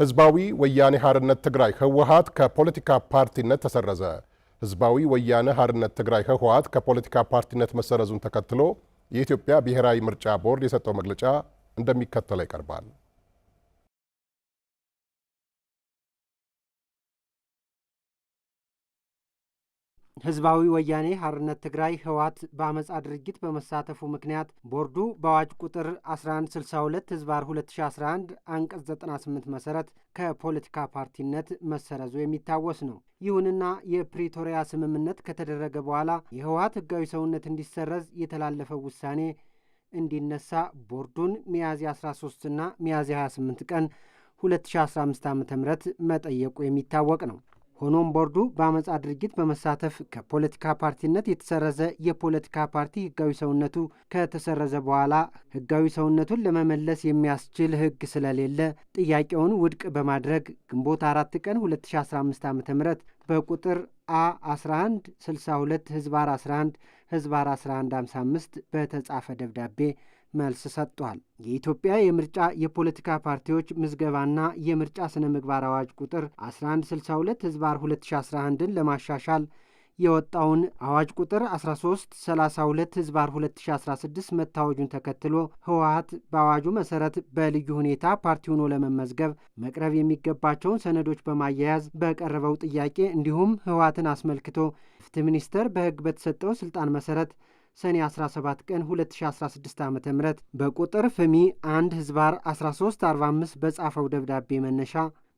ህዝባዊ ወያኔ ሓርነት ትግራይ ህወሓት ከፖለቲካ ፓርቲነት ተሰረዘ። ህዝባዊ ወያነ ሓርነት ትግራይ ህወሓት ከፖለቲካ ፓርቲነት መሰረዙን ተከትሎ የኢትዮጵያ ብሔራዊ ምርጫ ቦርድ የሰጠው መግለጫ እንደሚከተለው ይቀርባል። ህዝባዊ ወያኔ ሐርነት ትግራይ ህወሓት በአመፃ ድርጊት በመሳተፉ ምክንያት ቦርዱ በአዋጅ ቁጥር 1162 ህዝባር 2011 አንቀጽ 98 መሰረት ከፖለቲካ ፓርቲነት መሰረዙ የሚታወስ ነው። ይሁንና የፕሪቶሪያ ስምምነት ከተደረገ በኋላ የህወሓት ህጋዊ ሰውነት እንዲሰረዝ የተላለፈው ውሳኔ እንዲነሳ ቦርዱን ሚያዝያ 13ና ሚያዝያ 28 ቀን 2015 ዓ ም መጠየቁ የሚታወቅ ነው። ሆኖም ቦርዱ በአመፃ ድርጊት በመሳተፍ ከፖለቲካ ፓርቲነት የተሰረዘ የፖለቲካ ፓርቲ ህጋዊ ሰውነቱ ከተሰረዘ በኋላ ህጋዊ ሰውነቱን ለመመለስ የሚያስችል ህግ ስለሌለ ጥያቄውን ውድቅ በማድረግ ግንቦት አራት ቀን 2015 ዓ ም በቁጥር አ 11 62 ህዝብ 11 ህዝብ 11 55 በተጻፈ ደብዳቤ መልስ ሰጥቷል። የኢትዮጵያ የምርጫ የፖለቲካ ፓርቲዎች ምዝገባና የምርጫ ስነ ምግባር አዋጅ ቁጥር 1162 ህዝባር 2011ን ለማሻሻል የወጣውን አዋጅ ቁጥር 1332 ህዝባር 2016 መታወጁን ተከትሎ ህወሀት በአዋጁ መሰረት በልዩ ሁኔታ ፓርቲ ሆኖ ለመመዝገብ መቅረብ የሚገባቸውን ሰነዶች በማያያዝ በቀረበው ጥያቄ እንዲሁም ህወሀትን አስመልክቶ ፍትህ ሚኒስቴር በህግ በተሰጠው ስልጣን መሰረት ሰኔ 17 ቀን 2016 ዓ ም በቁጥር ፍሚ 1 ህዝባር 1345 በጻፈው ደብዳቤ መነሻ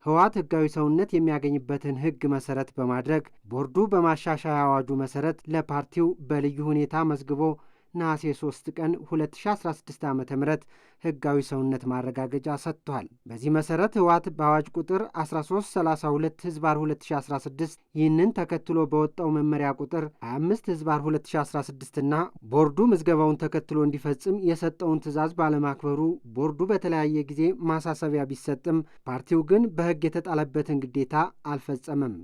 ህወሓት ህጋዊ ሰውነት የሚያገኝበትን ህግ መሰረት በማድረግ ቦርዱ በማሻሻያ አዋጁ መሰረት ለፓርቲው በልዩ ሁኔታ መዝግቦ ነሐሴ 3 ቀን 2016 ዓ ም ህጋዊ ሰውነት ማረጋገጫ ሰጥቷል። በዚህ መሠረት ህወሓት በአዋጅ ቁጥር 1332 ህዝባር 2016 ይህንን ተከትሎ በወጣው መመሪያ ቁጥር 25 ህዝባር 2016 ና ቦርዱ ምዝገባውን ተከትሎ እንዲፈጽም የሰጠውን ትዕዛዝ ባለማክበሩ ቦርዱ በተለያየ ጊዜ ማሳሰቢያ ቢሰጥም ፓርቲው ግን በህግ የተጣለበትን ግዴታ አልፈጸመም።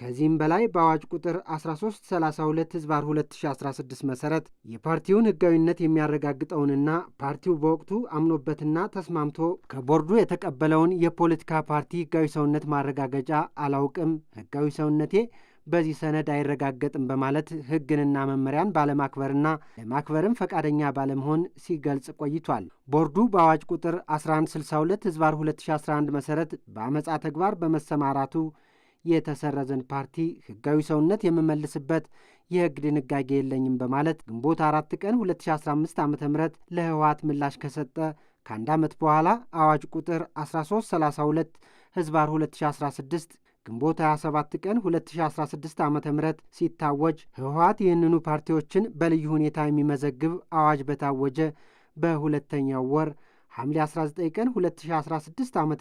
ከዚህም በላይ በአዋጅ ቁጥር 1332 ህዝባር 2016 መሰረት የፓርቲውን ህጋዊነት የሚያረጋግጠውንና ፓርቲው በወቅቱ አምኖበትና ተስማምቶ ከቦርዱ የተቀበለውን የፖለቲካ ፓርቲ ህጋዊ ሰውነት ማረጋገጫ አላውቅም፣ ህጋዊ ሰውነቴ በዚህ ሰነድ አይረጋገጥም በማለት ህግንና መመሪያን ባለማክበርና ለማክበርም ፈቃደኛ ባለመሆን ሲገልጽ ቆይቷል። ቦርዱ በአዋጅ ቁጥር 1162 ህዝባር 2011 መሰረት በአመፃ ተግባር በመሰማራቱ የተሰረዘን ፓርቲ ህጋዊ ሰውነት የምመልስበት የህግ ድንጋጌ የለኝም በማለት ግንቦት አራት ቀን 2015 ዓ ም ለህወሓት ምላሽ ከሰጠ ከአንድ ዓመት በኋላ አዋጅ ቁጥር 1332 ህዝባር 2016 ግንቦት 27 ቀን 2016 ዓ ም ሲታወጅ ህወሓት ይህንኑ ፓርቲዎችን በልዩ ሁኔታ የሚመዘግብ አዋጅ በታወጀ በሁለተኛው ወር ሐምሌ 19 ቀን 2016 ዓ ም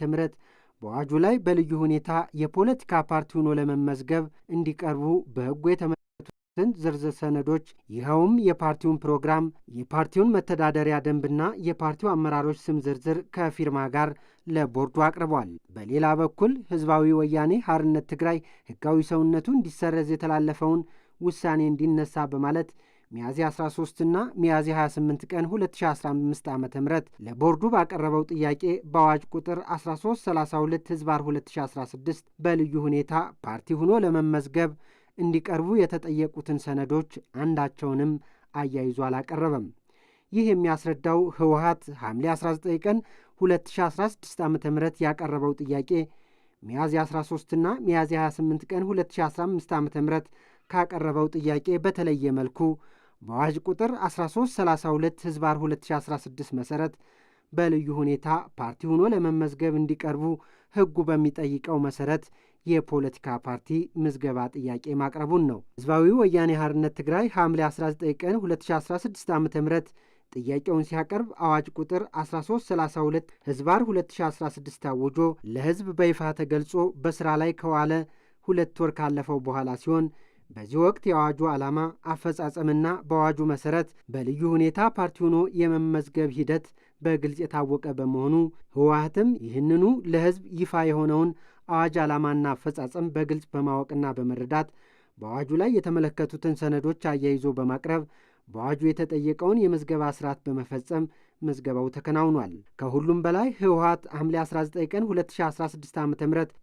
በአዋጁ ላይ በልዩ ሁኔታ የፖለቲካ ፓርቲ ሆኖ ለመመዝገብ እንዲቀርቡ በሕጉ የተመለከቱትን ዝርዝር ሰነዶች ይኸውም የፓርቲውን ፕሮግራም፣ የፓርቲውን መተዳደሪያ ደንብና የፓርቲው አመራሮች ስም ዝርዝር ከፊርማ ጋር ለቦርዱ አቅርቧል። በሌላ በኩል ህዝባዊ ወያኔ ሐርነት ትግራይ ሕጋዊ ሰውነቱ እንዲሰረዝ የተላለፈውን ውሳኔ እንዲነሳ በማለት ሚያዝያ 13ና ሚያዝያ 28 ቀን 2015 ዓ ም ለቦርዱ ባቀረበው ጥያቄ በአዋጅ ቁጥር 1332 ህዝባር 2016 በልዩ ሁኔታ ፓርቲ ሆኖ ለመመዝገብ እንዲቀርቡ የተጠየቁትን ሰነዶች አንዳቸውንም አያይዞ አላቀረበም። ይህ የሚያስረዳው ህወሀት ሐምሌ 19 ቀን 2016 ዓ ም ያቀረበው ጥያቄ ሚያዝያ 13 እና ሚያዝያ 28 ቀን 2015 ዓ ም ካቀረበው ጥያቄ በተለየ መልኩ በአዋጅ ቁጥር 1332 ህዝባር 2016 መሠረት በልዩ ሁኔታ ፓርቲ ሆኖ ለመመዝገብ እንዲቀርቡ ህጉ በሚጠይቀው መሠረት የፖለቲካ ፓርቲ ምዝገባ ጥያቄ ማቅረቡን ነው። ህዝባዊ ወያኔ ሓርነት ትግራይ ሐምሌ 19 ቀን 2016 ዓ ም ጥያቄውን ሲያቀርብ አዋጅ ቁጥር 1332 ህዝባር 2016 አውጆ ለህዝብ በይፋ ተገልጾ በሥራ ላይ ከዋለ ሁለት ወር ካለፈው በኋላ ሲሆን በዚህ ወቅት የአዋጁ ዓላማ አፈጻጸምና በአዋጁ መሰረት በልዩ ሁኔታ ፓርቲ ሆኖ የመመዝገብ ሂደት በግልጽ የታወቀ በመሆኑ ህወሓትም ይህንኑ ለህዝብ ይፋ የሆነውን አዋጅ ዓላማና አፈጻጸም በግልጽ በማወቅና በመረዳት በአዋጁ ላይ የተመለከቱትን ሰነዶች አያይዞ በማቅረብ በአዋጁ የተጠየቀውን የመዝገባ ስርዓት በመፈጸም ምዝገባው ተከናውኗል። ከሁሉም በላይ ህወሀት ሐምሌ 19 ቀን 2016 ዓ ም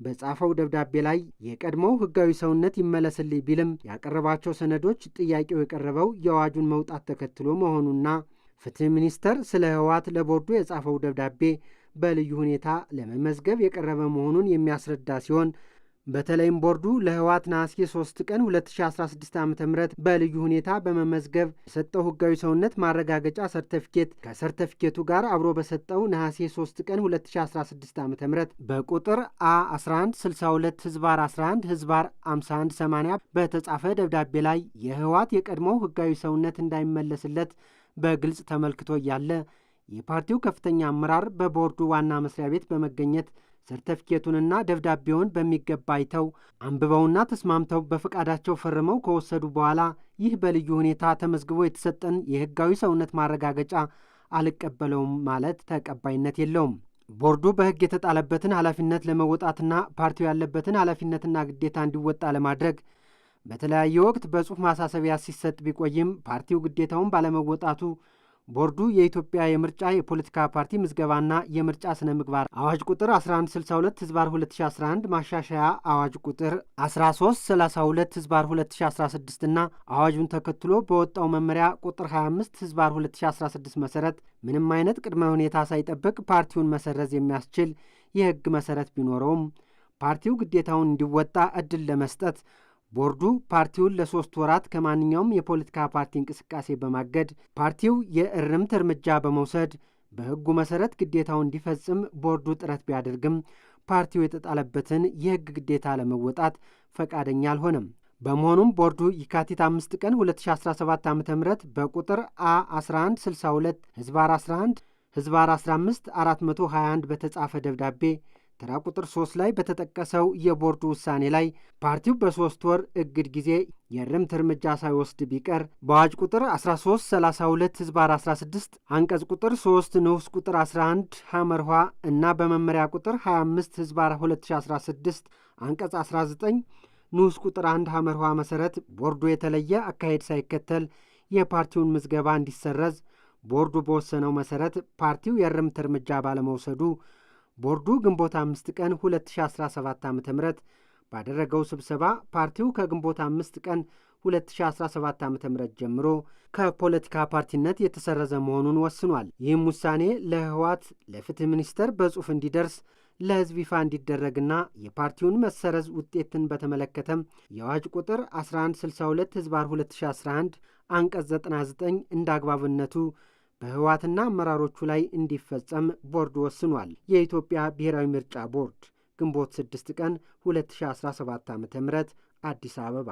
በጻፈው ደብዳቤ ላይ የቀድሞው ህጋዊ ሰውነት ይመለስልኝ ቢልም ያቀረባቸው ሰነዶች ጥያቄው የቀረበው የአዋጁን መውጣት ተከትሎ መሆኑና ፍትህ ሚኒስቴር ስለ ህወሀት ለቦርዱ የጻፈው ደብዳቤ በልዩ ሁኔታ ለመመዝገብ የቀረበ መሆኑን የሚያስረዳ ሲሆን በተለይም ቦርዱ ለህወሓት ነሐሴ 3 ቀን 2016 ዓ ም በልዩ ሁኔታ በመመዝገብ የሰጠው ህጋዊ ሰውነት ማረጋገጫ ሰርተፊኬት ከሰርተፊኬቱ ጋር አብሮ በሰጠው ነሐሴ 3 ቀን 2016 ዓ ም በቁጥር አ 1162 ህዝባር 11 ህዝባር 5180 በተጻፈ ደብዳቤ ላይ የህወሓት የቀድሞው ህጋዊ ሰውነት እንዳይመለስለት በግልጽ ተመልክቶ እያለ የፓርቲው ከፍተኛ አመራር በቦርዱ ዋና መስሪያ ቤት በመገኘት ሰርተፍኬቱንና ደብዳቤውን በሚገባ አይተው አንብበውና ተስማምተው በፈቃዳቸው ፈርመው ከወሰዱ በኋላ ይህ በልዩ ሁኔታ ተመዝግቦ የተሰጠን የሕጋዊ ሰውነት ማረጋገጫ አልቀበለውም ማለት ተቀባይነት የለውም። ቦርዱ በሕግ የተጣለበትን ኃላፊነት ለመወጣትና ፓርቲው ያለበትን ኃላፊነትና ግዴታ እንዲወጣ ለማድረግ በተለያየ ወቅት በጽሑፍ ማሳሰቢያ ሲሰጥ ቢቆይም ፓርቲው ግዴታውን ባለመወጣቱ ቦርዱ የኢትዮጵያ የምርጫ የፖለቲካ ፓርቲ ምዝገባና የምርጫ ስነ ምግባር አዋጅ ቁጥር 1162 ህዝባር 2011 ማሻሻያ አዋጅ ቁጥር 1332 ህዝባር 2016 እና አዋጁን ተከትሎ በወጣው መመሪያ ቁጥር 25 ህዝባር 2016 መሰረት ምንም አይነት ቅድመ ሁኔታ ሳይጠብቅ ፓርቲውን መሰረዝ የሚያስችል የህግ መሰረት ቢኖረውም ፓርቲው ግዴታውን እንዲወጣ እድል ለመስጠት ቦርዱ ፓርቲውን ለሶስት ወራት ከማንኛውም የፖለቲካ ፓርቲ እንቅስቃሴ በማገድ ፓርቲው የእርምት እርምጃ በመውሰድ በሕጉ መሰረት ግዴታው እንዲፈጽም ቦርዱ ጥረት ቢያደርግም ፓርቲው የተጣለበትን የሕግ ግዴታ ለመወጣት ፈቃደኛ አልሆነም። በመሆኑም ቦርዱ የካቲት 5 ቀን 2017 ዓ ም በቁጥር አ 1162 ህዝባር 11 ህዝባር 15 421 በተጻፈ ደብዳቤ ተራ ቁጥር 3 ላይ በተጠቀሰው የቦርዱ ውሳኔ ላይ ፓርቲው በሶስት ወር እግድ ጊዜ የእርምት እርምጃ ሳይወስድ ቢቀር በአዋጅ ቁጥር 1332 ህዝባር 16 አንቀጽ ቁጥር 3 ንዑስ ቁጥር 11 ሐመርኋ እና በመመሪያ ቁጥር 25 ህዝባር 2016 አንቀጽ 19 ንዑስ ቁጥር 1 ሐመርኋ መሠረት ቦርዱ የተለየ አካሄድ ሳይከተል የፓርቲውን ምዝገባ እንዲሰረዝ ቦርዱ በወሰነው መሠረት ፓርቲው የእርምት እርምጃ ባለመውሰዱ ቦርዱ ግንቦት አምስት ቀን 2017 ዓ ም ባደረገው ስብሰባ ፓርቲው ከግንቦት አምስት ቀን 2017 ዓ ም ጀምሮ ከፖለቲካ ፓርቲነት የተሰረዘ መሆኑን ወስኗል። ይህም ውሳኔ ለህወሓት ለፍትህ ሚኒስቴር በጽሑፍ እንዲደርስ ለህዝብ ይፋ እንዲደረግና የፓርቲውን መሰረዝ ውጤትን በተመለከተም የአዋጅ ቁጥር 1162 ህዝባር 2011 አንቀጽ 99 እንደ አግባብነቱ በህወሓትና አመራሮቹ ላይ እንዲፈጸም ቦርድ ወስኗል። የኢትዮጵያ ብሔራዊ ምርጫ ቦርድ ግንቦት 6 ቀን 2017 ዓ ም አዲስ አበባ